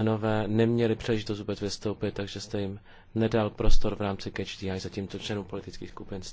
členové neměli příležitost vůbec vystoupit, takže jste jim nedal prostor v rámci catch the eye, členů politických skupin jste